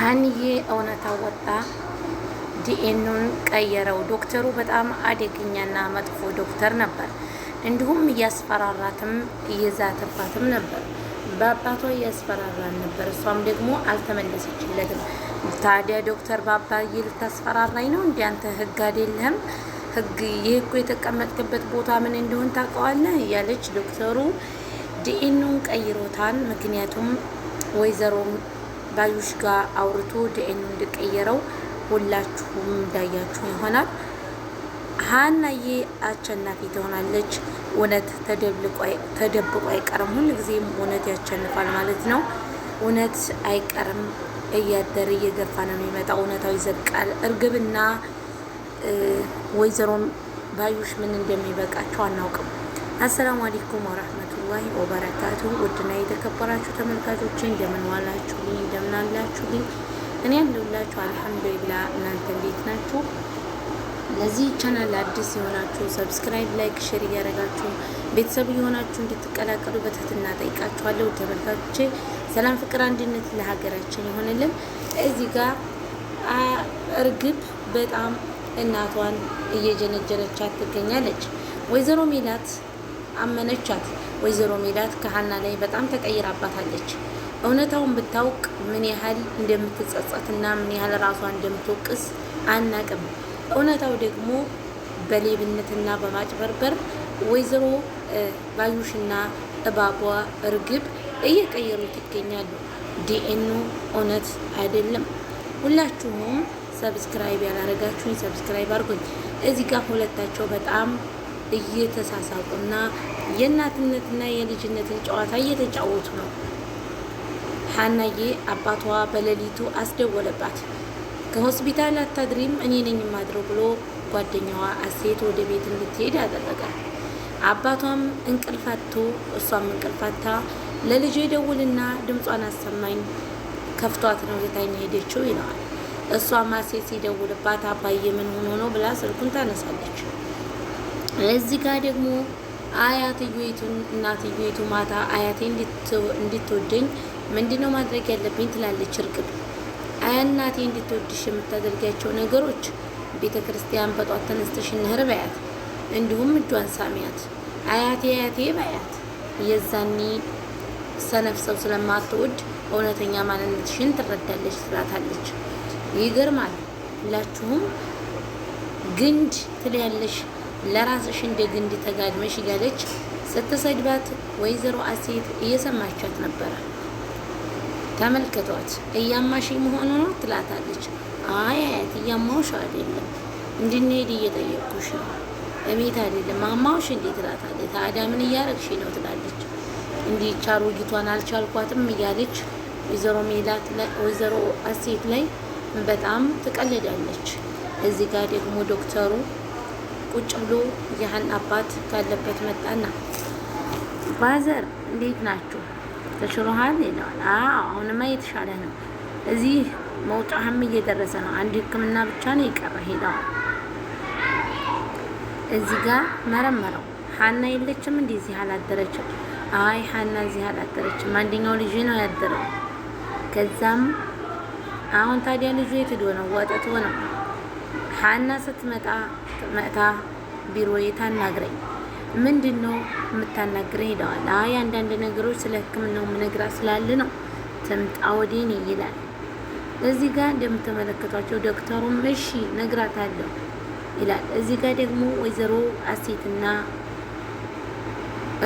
ሀንዬ እውነታ ወጣ ዲኤኑን ቀየረው። ዶክተሩ በጣም አደገኛና መጥፎ ዶክተር ነበር። እንዲሁም እያስፈራራትም እየዛተባትም ነበር። በአባቷ እያስፈራራን ነበር። እሷም ደግሞ አልተመለሰችለትም። ታዲያ ዶክተር በአባዬ ልታስፈራራኝ ነው? እንዲ አንተ ህግ አይደለህም? ህግ ይህ እኮ የተቀመጥክበት ቦታ ምን እንደሆን ታውቀዋለህ? እያለች ዶክተሩ ዲኤኑን ቀይሮታን። ምክንያቱም ወይዘሮ ባዩሽ ጋር አውርቶ ዲኤን እንድቀየረው ሁላችሁም እንዳያችሁ ይሆናል። ሀናዬ አሸናፊ ትሆናለች። እውነት ተደብቆ አይቀርም፣ ጊዜም እውነት ያሸንፋል ማለት ነው። እውነት አይቀርም፣ እያደረ እየገፋ ነው የሚመጣው። እውነታው ይዘቃል። እርግብና ወይዘሮም ባዩሽ ምን እንደሚበቃቸው አናውቅም። አሰላሙ አለይኩም ወረህመቱ ወራህመቱላሂ ወበረካቱ። ውድና የተከበራችሁ ተመልካቾች እንደምን ዋላችሁ? እንደምን አላችሁ? እኔ ያለሁላችሁ አልሐምዱሊላህ። እናንተ እንዴት ናችሁ? ለዚህ ቻናል አዲስ የሆናችሁ ሰብስክራይብ፣ ላይክ፣ ሼር እያደረጋችሁ ቤተሰብ የሆናችሁ እንድትቀላቀሉ በትህትና ጠይቃችኋለሁ። ተመልካቾች ሰላም፣ ፍቅር፣ አንድነት ለሀገራችን ይሆንልን። እዚህ ጋር እርግብ በጣም እናቷን እየጀነጀነቻት ትገኛለች። ወይዘሮ ሜላት አመነቻት። ወይዘሮ ሜላት ከሀና ላይ በጣም ተቀይራባታለች። እውነታውን ብታውቅ ምን ያህል እንደምትጸጸትና ምን ያህል ራሷን እንደምትወቅስ አናቅም። እውነታው ደግሞ በሌብነትና በማጭበርበር ወይዘሮ ባዩሽና እባቧ እርግብ እየቀየሩት ይገኛሉ። ዲኤኑ እውነት አይደለም። ሁላችሁም ሰብስክራይብ ያላረጋችሁኝ ሰብስክራይብ አድርጉኝ። እዚህ ጋር ሁለታቸው በጣም እየተሳሳቁና የእናትነትና የልጅነትን ጨዋታ እየተጫወቱ ነው። ሀናዬ አባቷ በሌሊቱ አስደወለባት። ከሆስፒታል አታድሪም፣ እኔ ነኝ ማድረው ብሎ ጓደኛዋ አሴት ወደ ቤት እንድትሄድ አደረገ። አባቷም እንቅልፋቶ እሷም እንቅልፋታ ለልጅ ደውልና ድምጿን አሰማኝ ከፍቷት ነው የታኛ ሄደችው ይለዋል። እሷም አሴት ሲደውልባት አባዬ ምን ሆኖ ነው ብላ ስልኩን ታነሳለች። እዚህ ጋር ደግሞ አያትዮቱን እናትዮቱ ማታ አያቴ እንድትወደኝ ምንድነው ማድረግ ያለብኝ ትላለች እርግብ። እናቴ እንድትወድሽ የምታደርጋቸው ነገሮች ቤተ ክርስቲያን በጧት ተነስተሽ ነህር በያት፣ እንዲሁም እጇን ሳሚያት፣ አያቴ አያቴ በያት። የዛኔ ሰነፍ ሰው ስለማትወድ እውነተኛ ማንነትሽን ትረዳለች ትላታለች። ይገርማል። ሁላችሁም ግንድ ትለያለሽ ለራስሽ እንደ ግንድ ተጋድመሽ እያለች ስትሰድባት ወይዘሮ አሴት እየሰማቻት ነበረ። ተመልክቷት እያማሽ መሆኑ ነው ትላታለች። አይ አያት እያማውሽ አይደለም እንድንሄድ እየጠየቅኩሽ ነው እቤት አይደለም ማማውሽ እንዴ ትላታለች። ታዲያ ምን እያረግሽ ነው ትላለች። እንዲህ ቻሮጊቷን አልቻልኳትም እያለች ወይዘሮ ሜላት ወይዘሮ አሴት ላይ በጣም ትቀልዳለች። እዚህ ጋር ደግሞ ዶክተሩ ቁጭ ብሎ የሀና አባት ካለበት መጣና ባዘር እንዴት ናችሁ? ተሽሎሃል ይለዋል። አሁንማ እየተሻለ ነው። እዚህ መውጫህም እየደረሰ ነው። አንድ ህክምና ብቻ ነው የቀረህ ይለዋል። እዚህ ጋር መረመረው። ሀና የለችም እንዴ? እዚህ አላደረችም። አይ ሀና እዚህ አላደረችም። አንደኛው ልጅ ነው ያደረው። ከዛም አሁን ታዲያ ልጁ የት ሄዶ ነው? ወጥቶ ነው ሀና ስትመጣ መጥታ ቢሮዬ ታናግረኝ። ምንድን ነው የምታናግረኝ? ይለዋል። አይ አንዳንድ ነገሮች ስለ ሕክምናው ምነግራ ስላለ ነው ትምጣ ወዴን ይላል። እዚህ ጋር እንደምትመለከቷቸው ዶክተሩም እሺ ነግራታለሁ ይላል። እዚህ ጋር ደግሞ ወይዘሮ አሴትና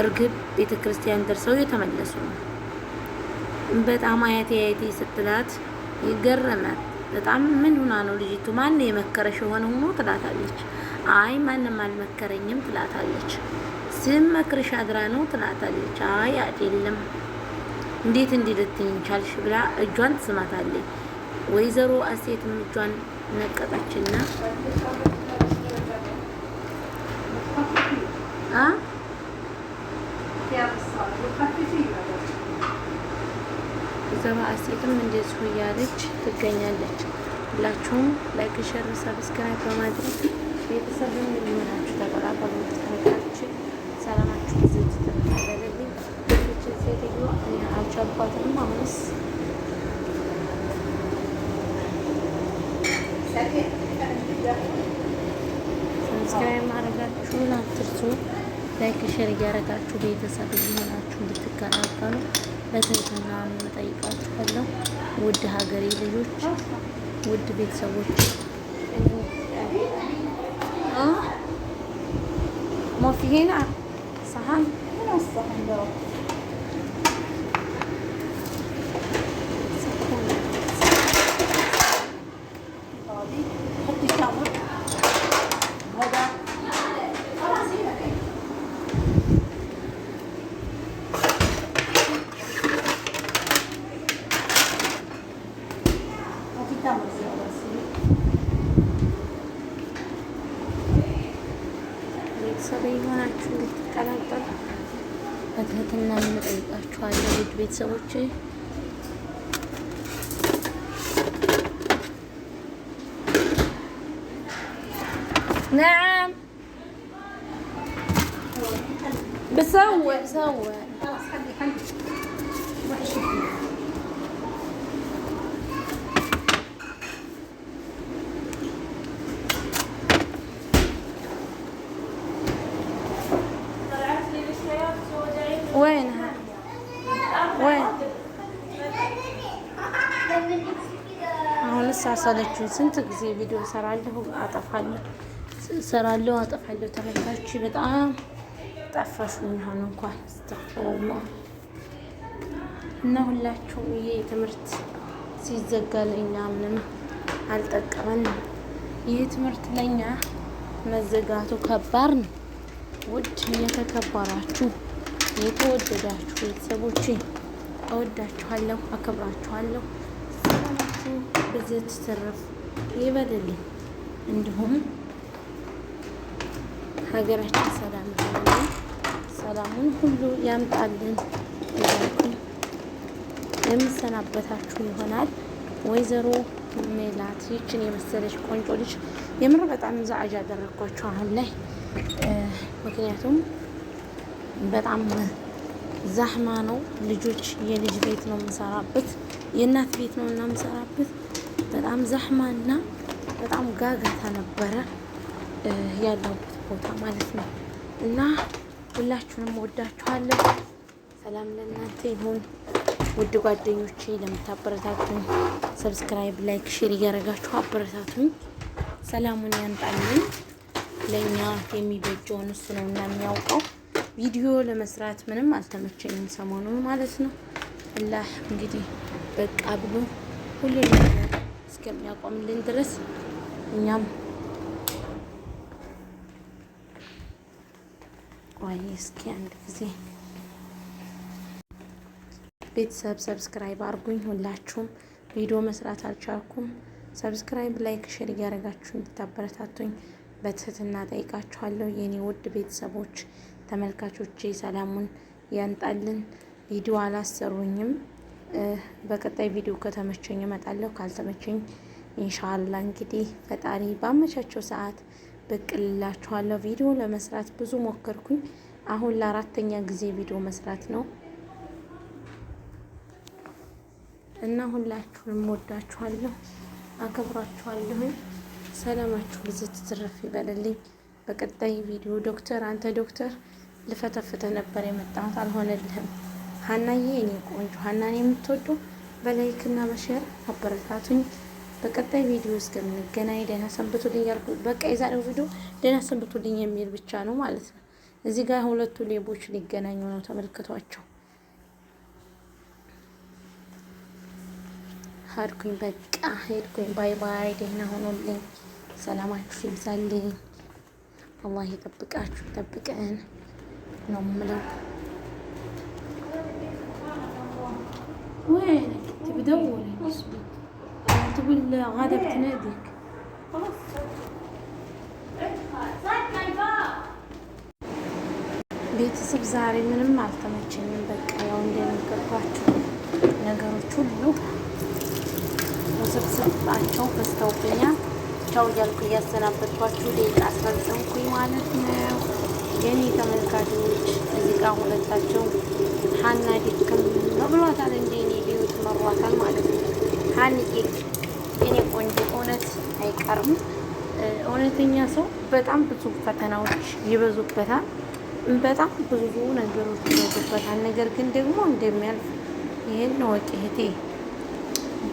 እርግብ ቤተ ክርስቲያን ደርሰው የተመለሱ ነው። በጣም አያቴ አያቴ ስትላት ይገረማል። በጣም ምን ሆና ነው ልጅቱ? ማን የመከረሽ የሆነ ሆኖ ትላታለች። አይ ማንም አልመከረኝም ትላታለች። ስም መክርሽ አድራ ነው ትላታለች። አይ አይደለም እንዴት እንዲህ ልትይኝ ቻልሽ? ብላ እጇን ትስማታለች። ወይዘሮ አሴትም እጇን ነቀጠችና አ ዘባ አሴትም እንደዚሁ እያለች ትገኛለች። ሁላችሁም ላይክ፣ ሸር፣ ሰብስክራይብ በማድረግ ቤተሰብም እንዲሆናችሁ ተቀላቀሉ። ተመልካቾች ሰላማችሁ ይዘት ተመላለልኝ ች ሴትዮ አልቻባትም። አሁንስ ሰብስክራይብ ማድረጋችሁን አትርሱ። ላይክ ሼር እያደረጋችሁ ቤተሰብ እየሆናችሁ እንድትቀላቀሉ በትህትና እጠይቃችኋለሁ። ውድ ሀገሬ ልጆች፣ ውድ ቤተሰቦች ሞፊሄና ሰሀን ቢቀጥል በትህትና እንጠይቃችኋለን ውድ ቤተሰቦች። ነዓም ብሰወ ብሰወ ሰለችኝ። ስንት ጊዜ ቪዲዮ ሰራለሁ አጠፋለሁ፣ ሰራለሁ አጠፋለሁ። ተመልካች በጣም ጠፋሽ አሁን እንኳን ስተፈማ እና ሁላችሁም ይሄ ትምህርት ሲዘጋ ለእኛ ምንም አልጠቀመንም። ይህ ትምህርት ለእኛ መዘጋቱ ከባድ ነው። ውድ እየተከበራችሁ የተወደዳችሁ ቤተሰቦቼ እወዳችኋለሁ፣ አከብራችኋለሁ። ብዘት ትርፍ ይበልልኝ። እንዲሁም ሀገራችን ሰላም ሰላሙን ሁሉ ያምጣልን እያልኩኝ የምሰናበታችሁ ይሆናል። ወይዘሮ ሜላት ይችን የመሰለች ቆንጆ ልጅ የምር በጣም ዛዕጅ ያደረግኳቸው አሁን ላይ ምክንያቱም በጣም ዛህማ ነው። ልጆች የልጅ ቤት ነው የምሰራበት፣ የእናት ቤት ነው እና የምሰራበት በጣም ዛህማና በጣም ጋጋታ ነበረ ያለሁበት ቦታ ማለት ነው። እና ሁላችሁንም ወዳችኋለሁ። ሰላም ለእናንተ ይሁን። ውድ ጓደኞቼ ለምታበረታቱኝ ሰብስክራይብ፣ ላይክ፣ ሼር እያደረጋችሁ አበረታቱኝ። ሰላሙን ያንጣልን። ለእኛ የሚበጀውን እሱ ነው እና የሚያውቀው። ቪዲዮ ለመስራት ምንም አልተመቸኝም ሰሞኑን ማለት ነው። አላህ እንግዲህ በቃ ብሎ ሁሌ ነገር እስከሚያቆምልን ድረስ እኛም ቆይ እስኪ አንድ ጊዜ ቤተሰብ ሰብስክራይብ አድርጉኝ። ሁላችሁም ቪዲዮ መስራት አልቻልኩም። ሰብስክራይብ፣ ላይክ፣ ሼር እያደረጋችሁ እንድታበረታቱኝ በትህትና ጠይቃችኋለሁ። የኔ ውድ ቤተሰቦች ተመልካቾቼ ሰላሙን ያንጣልን። ቪዲዮ አላሰሩኝም። በቀጣይ ቪዲዮ ከተመቸኝ እመጣለሁ። ካልተመቸኝ ኢንሻላ እንግዲህ ፈጣሪ ባመቻቸው ሰዓት ብቅ ልላችኋለሁ። ቪዲዮ ለመስራት ብዙ ሞከርኩኝ። አሁን ለአራተኛ ጊዜ ቪዲዮ መስራት ነው እና ሁላችሁንም ወዳችኋለሁ፣ አከብራችኋለሁኝ። ሰላማችሁ ብዙ ትትረፍ ይበልልኝ። በቀጣይ ቪዲዮ ዶክተር አንተ ዶክተር ልፈተፍተ ነበር የመጣሁት አልሆነልህም። ሀናዬ እኔ ቆንጆ ሀናን የምትወዱ በላይክ እና በሼር አበረታቱኝ። በቀጣይ ቪዲዮ እስከምንገናኝ ደህና ሰንብቱልኝ ያልኩ በቃ የዛሬው ቪዲዮ ደህና ሰንብቱልኝ የሚል ብቻ ነው ማለት ነው። እዚህ ጋር ሁለቱ ሌቦች ሊገናኙ ነው ተመልክቷቸው ሀድኩኝ በቃ ሄድኩኝ። ባይ ባይ። ደህና ሆኖልኝ ሰላማችሁ ይብዛልኝ። አላህ ይጠብቃችሁ ይጠብቀን ነው የምለው። وينك تبي دورك تقول غادة بتناديك ቤተሰብ ዛሬ ምንም አልተመቸኝም። በቃ ያው እንደነገርኳችሁ ነገሮች ሁሉ ውስብስባቸው በዝተውብኛል። ቻው እያልኩ እያሰናበትኳችሁ ደቂቃ አስፈጸምኩኝ ማለት ነው። የኔ ተመልካቾች እዚህ ጋ ሁለታቸው ሀና ድክም ብሏታል። አምሮባታል ማለት ነው። ሀኒዬ የኔ ቆንጆ እውነት አይቀርም። እውነተኛ ሰው በጣም ብዙ ፈተናዎች ይበዙበታል፣ በጣም ብዙ ነገሮች ይበዙበታል። ነገር ግን ደግሞ እንደሚያልፍ ይህን ወቂ እህቴ።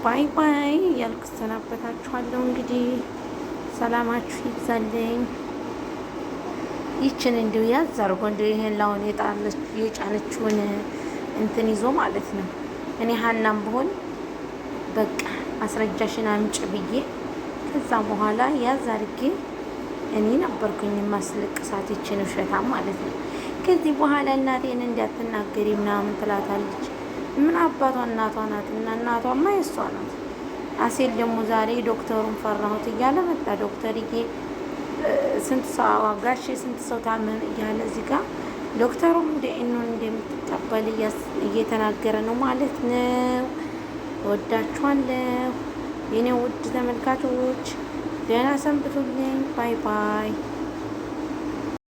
ባይ ባይ ያልክ ሰናበታችኋለሁ። እንግዲህ ሰላማችሁ ይብዛልኝ። ይችን እንዲሁ ያዝ አድርጎ እንዲሁ ይህን ላሁን የጫነችውን እንትን ይዞ ማለት ነው እኔ ሀናም ብሆን በቃ ማስረጃሽን አምጭ ብዬ ከዛ በኋላ ያዝ አድርጌ እኔ ነበርኩኝ ማስለቅሳት ይችን ውሸታ ማለት ነው። ከዚህ በኋላ እናቴን እንዲያትናገሪ ምናምን ትላታለች። ምን አባቷ እናቷ ናትና እናቷማ የሷ ናት። አሴል ደግሞ ዛሬ ዶክተሩን ፈራሁት እያለ መጣ። ዶክተርዬ ስንት ሰው አዋጋሽ፣ ስንት ሰው ታመም እያለ እዚህ ጋር ዶክተሩም ዲኤንኤውን እንደምትቀበል እየተናገረ ነው ማለት ነው። ወዳችኋለሁ የኔ ውድ ተመልካቾች፣ ደህና ሰንብቱልኝ። ባይ ባይ